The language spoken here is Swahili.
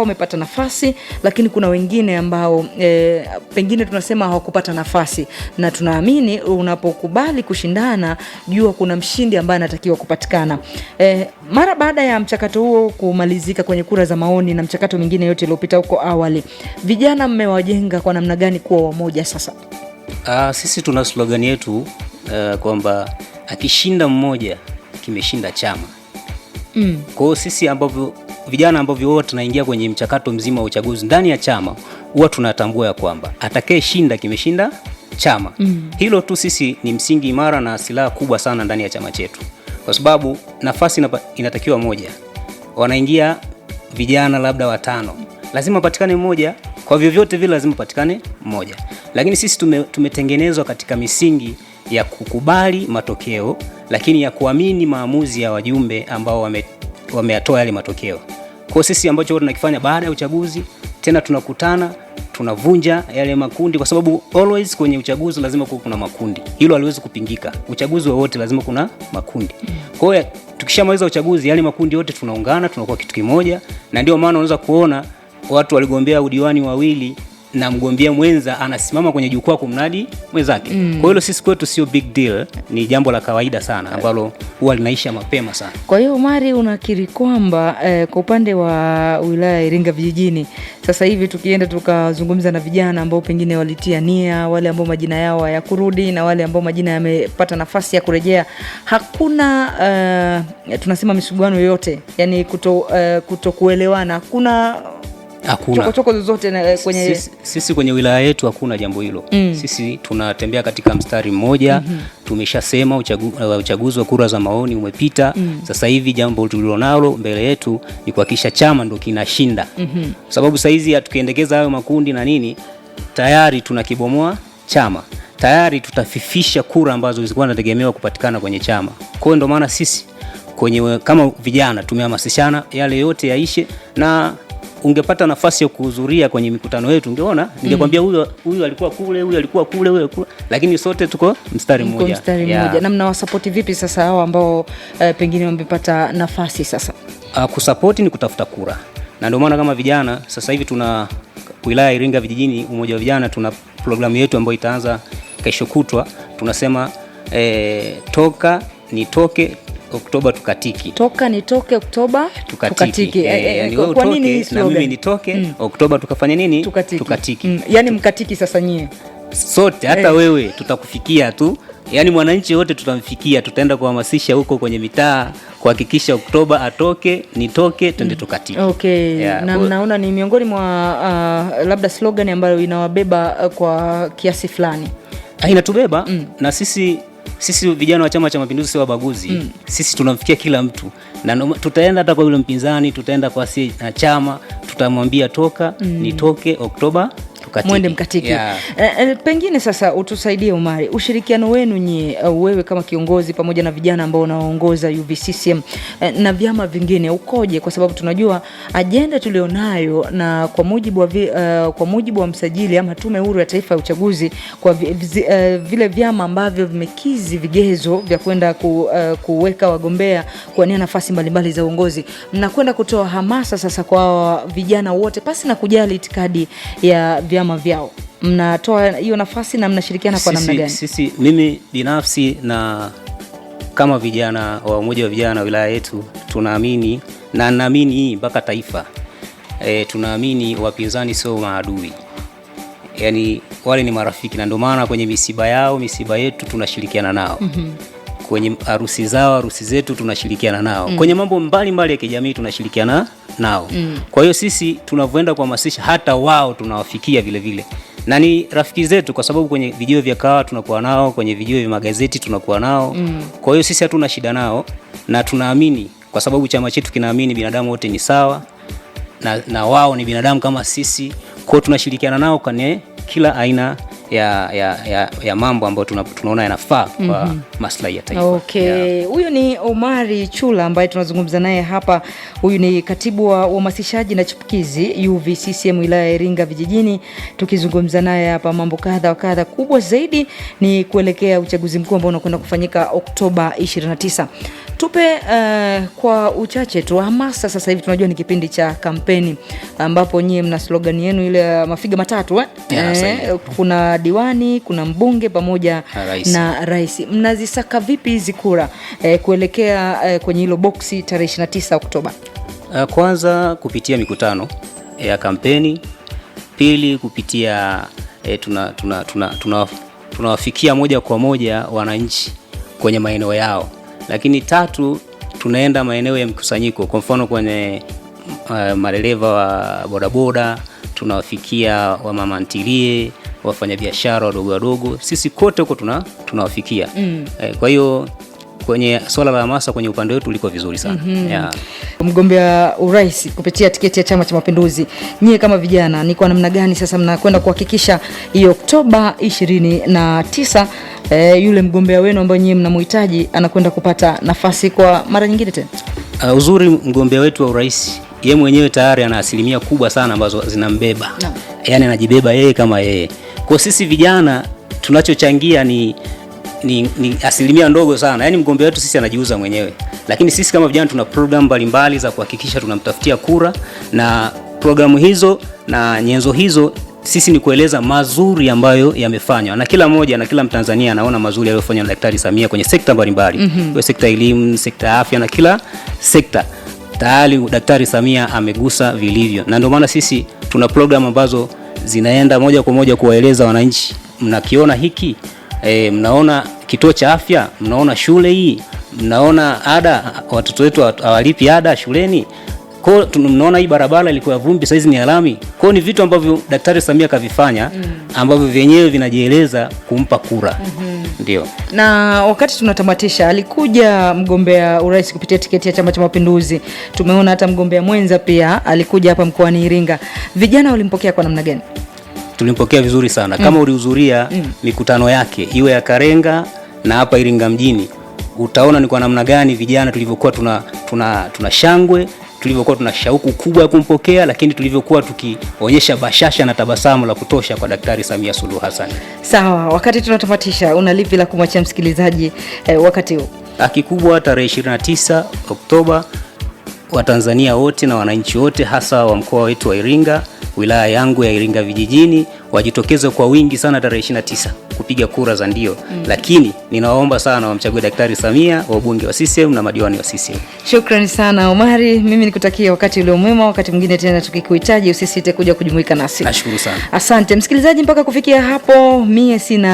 wamepata nafasi lakini kuna wengine ambao e, pengine tunasema hawakupata nafasi, na tunaamini unapokubali kushindana, jua kuna mshindi ambaye anatakiwa kupatikana. E, mara baada ya mchakato huo kumalizika kwenye kura za maoni na mchakato mingine yote iliyopita huko awali, vijana mmewajenga kwa namna gani kuwa wamoja sasa? Aa, ah, sisi tuna slogan yetu uh, kwamba akishinda mmoja kimeshinda chama mm. Kwa sisi ambavyo vijana ambavyo huwa tunaingia kwenye mchakato mzima wa uchaguzi ndani ya chama, huwa tunatambua ya kwamba atakayeshinda kimeshinda chama mm. Hilo tu sisi ni msingi imara na silaha kubwa sana ndani ya chama chetu, kwa sababu nafasi inatakiwa moja, wanaingia vijana labda watano, lazima patikane mmoja kwa vyovyote vile lazima patikane mmoja, lakini sisi tume, tumetengenezwa katika misingi ya kukubali matokeo, lakini ya kuamini maamuzi ya wajumbe ambao wame, wameyatoa yale matokeo. Kwa sisi ambacho tunakifanya baada ya uchaguzi tena tunakutana tunavunja yale makundi, kwa sababu always kwenye uchaguzi lazima kuwe kuna makundi. Hilo haliwezi kupingika, uchaguzi wowote lazima kuna makundi. Kwa hiyo tukishamaliza uchaguzi, yale makundi yote tunaungana, tunakuwa kitu kimoja, na ndio maana unaweza kuona watu waligombea udiwani wawili na mgombea mwenza anasimama kwenye jukwaa kumnadi mwenzake mm. Kwa hiyo sisi kwetu sio big deal, ni jambo la kawaida sana ambalo huwa linaisha mapema sana. Kwa hiyo Omari, unakiri kwamba eh, kwa upande wa wilaya ya Iringa vijijini sasa hivi tukienda tukazungumza na vijana ambao pengine walitia nia, wale ambao majina yao hayakurudi na wale ambao majina yamepata nafasi ya kurejea, hakuna uh, tunasema misuguano yoyote, yani kuto, uh, eh, kuelewana, kuna hakuna chokochoko zozote eh, kwenye... Sisi, sisi kwenye wilaya yetu hakuna jambo hilo mm. Sisi tunatembea katika mstari mmoja mm -hmm. Tumeshasema uchagu, uh, uchaguzi wa kura za maoni umepita mm. Sasa hivi jambo tulilonalo mbele yetu ni kuhakikisha chama ndo kinashinda mm -hmm. Sababu saizi tukiendekeza hayo makundi na nini, tayari tunakibomoa chama tayari tutafifisha kura ambazo zilikuwa zinategemewa kupatikana kwenye chama. Kwa hiyo ndio maana sisi kwenye kama vijana tumehamasishana yale yote yaishe na ungepata nafasi ya kuhudhuria kwenye mikutano yetu, ungeona mm. ningekwambia huyu huyu alikuwa kule, huyu alikuwa kule, huyu alikuwa, lakini sote tuko mstari mmoja, mstari mmoja yeah. Na mnawasapoti vipi sasa hao ambao eh, pengine wamepata nafasi sasa? Uh, ah, kusapoti ni kutafuta kura, na ndio maana kama vijana sasa hivi tuna wilaya ya Iringa vijijini, umoja wa vijana, tuna programu yetu ambayo itaanza kesho kutwa, tunasema eh, toka nitoke Oktoba tukatiki. Toka nitoke Oktoba tukatiki. tukatiki. E, e, yani wewe utoke na mimi nitoke mm. Oktoba tukafanya nini? Tukatiki, tukatiki. Mm. Yani mkatiki sasa nyie sote hata hey. Eh. Wewe tutakufikia tu yaani mwananchi wote tutamfikia, tutaenda kuhamasisha huko kwenye mitaa kuhakikisha Oktoba atoke nitoke tende mm. tukatiki. Okay. Yeah, na naona ni miongoni mwa uh, labda slogan ambayo inawabeba ah, kwa kiasi fulani ah, inatubeba mm. na sisi sisi vijana wa Chama cha Mapinduzi sio wabaguzi mm. Sisi tunamfikia kila mtu na tutaenda hata kwa yule mpinzani, tutaenda kwa si na uh, chama, tutamwambia toka mm. nitoke Oktoba mwende mkatiki. Yeah. E, pengine sasa utusaidie Umari, ushirikiano wenu nyie, eh, wewe kama kiongozi pamoja na vijana ambao unaoongoza UVCCM e, na vyama vingine ukoje? Kwa sababu tunajua ajenda tulionayo na kwa mujibu wa, vi, uh, kwa mujibu wa msajili ama Tume Huru ya Taifa ya Uchaguzi kwa vi, uh, vile vyama ambavyo vimekizi vigezo vya kwenda ku, uh, kuweka wagombea kuwania nafasi mbalimbali za uongozi, mnakwenda kutoa hamasa sasa kwa vijana wote pasi na kujali itikadi ya vyama vyama vyao? Mnatoa hiyo nafasi na mnashirikiana kwa namna gani? Sisi mimi binafsi na kama vijana wa umoja wa vijana wa wilaya yetu tunaamini na naamini hii mpaka taifa e, tunaamini wapinzani sio maadui, yaani wale ni marafiki, na ndio maana kwenye misiba yao misiba yetu tunashirikiana nao mm -hmm kwenye harusi zao, harusi zetu tunashirikiana nao mm. kwenye mambo mbalimbali ya kijamii tunashirikiana nao mm. kwa hiyo sisi tunavyoenda kuhamasisha, hata wao tunawafikia vile vile na ni rafiki zetu, kwa sababu kwenye vijio vya kawa tunakuwa nao, kwenye video vya magazeti tunakuwa nao mm. kwa hiyo sisi hatuna shida nao, na tunaamini kwa sababu chama chetu kinaamini binadamu wote ni sawa na, na wao ni binadamu kama sisi, kwa hiyo tunashirikiana nao kwenye kila aina ya, ya, ya, ya mambo ambayo tunaona yanafaa kwa mm -hmm. maslahi ya taifa. Okay. Huyu ni Omari Chula ambaye tunazungumza naye hapa. Huyu ni katibu wa uhamasishaji na chipukizi UVCCM wilaya ya Iringa vijijini, tukizungumza naye hapa mambo kadha wa kadha, kubwa zaidi ni kuelekea uchaguzi mkuu ambao unakwenda kufanyika Oktoba 29. Tupe uh, kwa uchache tu hamasa. Sasa hivi tunajua ni kipindi cha kampeni ambapo nyie mna slogan yenu ile mafiga matatu eh? Yeah, eh, kuna diwani, kuna mbunge pamoja raisi. na rais. Mnazisaka vipi hizi kura eh, kuelekea eh, kwenye hilo boksi tarehe 29 Oktoba? Eh, kwanza kupitia mikutano eh, ya kampeni, pili kupitia eh, tunawafikia tuna, tuna, tuna, tuna moja kwa moja wananchi kwenye maeneo yao lakini tatu, tunaenda maeneo ya mkusanyiko, kwa mfano kwenye uh, madereva wa bodaboda tunawafikia, wamamantilie wafanyabiashara wadogo wadogo, sisi kote huko tuna tunawafikia mm. eh, kwa hiyo kwenye swala la hamasa kwenye upande wetu liko vizuri sana mm -hmm. yeah. Mgombea urais kupitia tiketi ya Chama cha Mapinduzi, nyie kama vijana, ni kwa namna gani sasa mnakwenda kuhakikisha hii Oktoba 29 e, yule mgombea wenu ambaye nyinyi mnamhitaji anakwenda kupata nafasi kwa mara nyingine tena? Uh, uzuri mgombea wetu wa urais yeye mwenyewe tayari ana asilimia kubwa sana ambazo zinambeba no. Yaani anajibeba yeye kama yeye. Kwa sisi vijana tunachochangia ni ni, ni asilimia ndogo sana. Yaani mgombea wetu sisi anajiuza mwenyewe, lakini sisi kama vijana tuna programu mbalimbali za kuhakikisha tunamtafutia kura, na programu hizo na nyenzo hizo sisi ni kueleza mazuri ambayo yamefanywa na kila mmoja na kila Mtanzania anaona mazuri aliyofanywa na Daktari Samia kwenye sekta mbalimbali mm -hmm. sekta elimu, sekta ya afya na kila sekta tayari Daktari Samia amegusa vilivyo, na ndio maana sisi tuna programu ambazo zinaenda moja kwa moja kuwaeleza wananchi, mnakiona hiki e, mnaona kituo cha afya, mnaona shule hii, mnaona ada, watoto wetu hawalipi ada shuleni, kwa tunaona hii barabara ilikuwa ya vumbi, sasa hizi ni alami. Kwa ni vitu ambavyo Daktari Samia kavifanya mm. ambavyo vyenyewe vinajieleza kumpa kura. Mm -hmm. Ndio. Na wakati tunatamatisha, alikuja mgombea urais kupitia tiketi ya Chama cha Mapinduzi. Tumeona hata mgombea mwenza pia alikuja hapa mkoani Iringa. Vijana walimpokea kwa namna gani? Tulimpokea vizuri sana. Kama mm. ulihudhuria mm. mikutano yake iwe ya Karenga na hapa Iringa mjini, utaona ni kwa namna gani vijana tulivyokuwa tuna, tuna, tuna shangwe tulivyokuwa tuna shauku kubwa ya kumpokea, lakini tulivyokuwa tukionyesha bashasha na tabasamu la kutosha kwa Daktari Samia Suluhu Hassan. Sawa, wakati tunatamatisha, una lipi la kumwachia msikilizaji eh, wakati huu? akikubwa ah, tarehe 29 Oktoba, Watanzania wote na wananchi wote hasa wa mkoa wetu wa Iringa wilaya yangu ya Iringa vijijini wajitokeze kwa wingi sana tarehe 29 kupiga kura za ndio. Mm. Lakini ninawaomba sana wamchague Daktari Samia, wabunge wa CCM na madiwani wa CCM. Shukrani sana Omari, mimi nikutakia wakati ulio mwema. Wakati mwingine tena tukikuhitaji, usisite kuja kujumuika nasi. Nashukuru sana, asante msikilizaji. Mpaka kufikia hapo, mie sina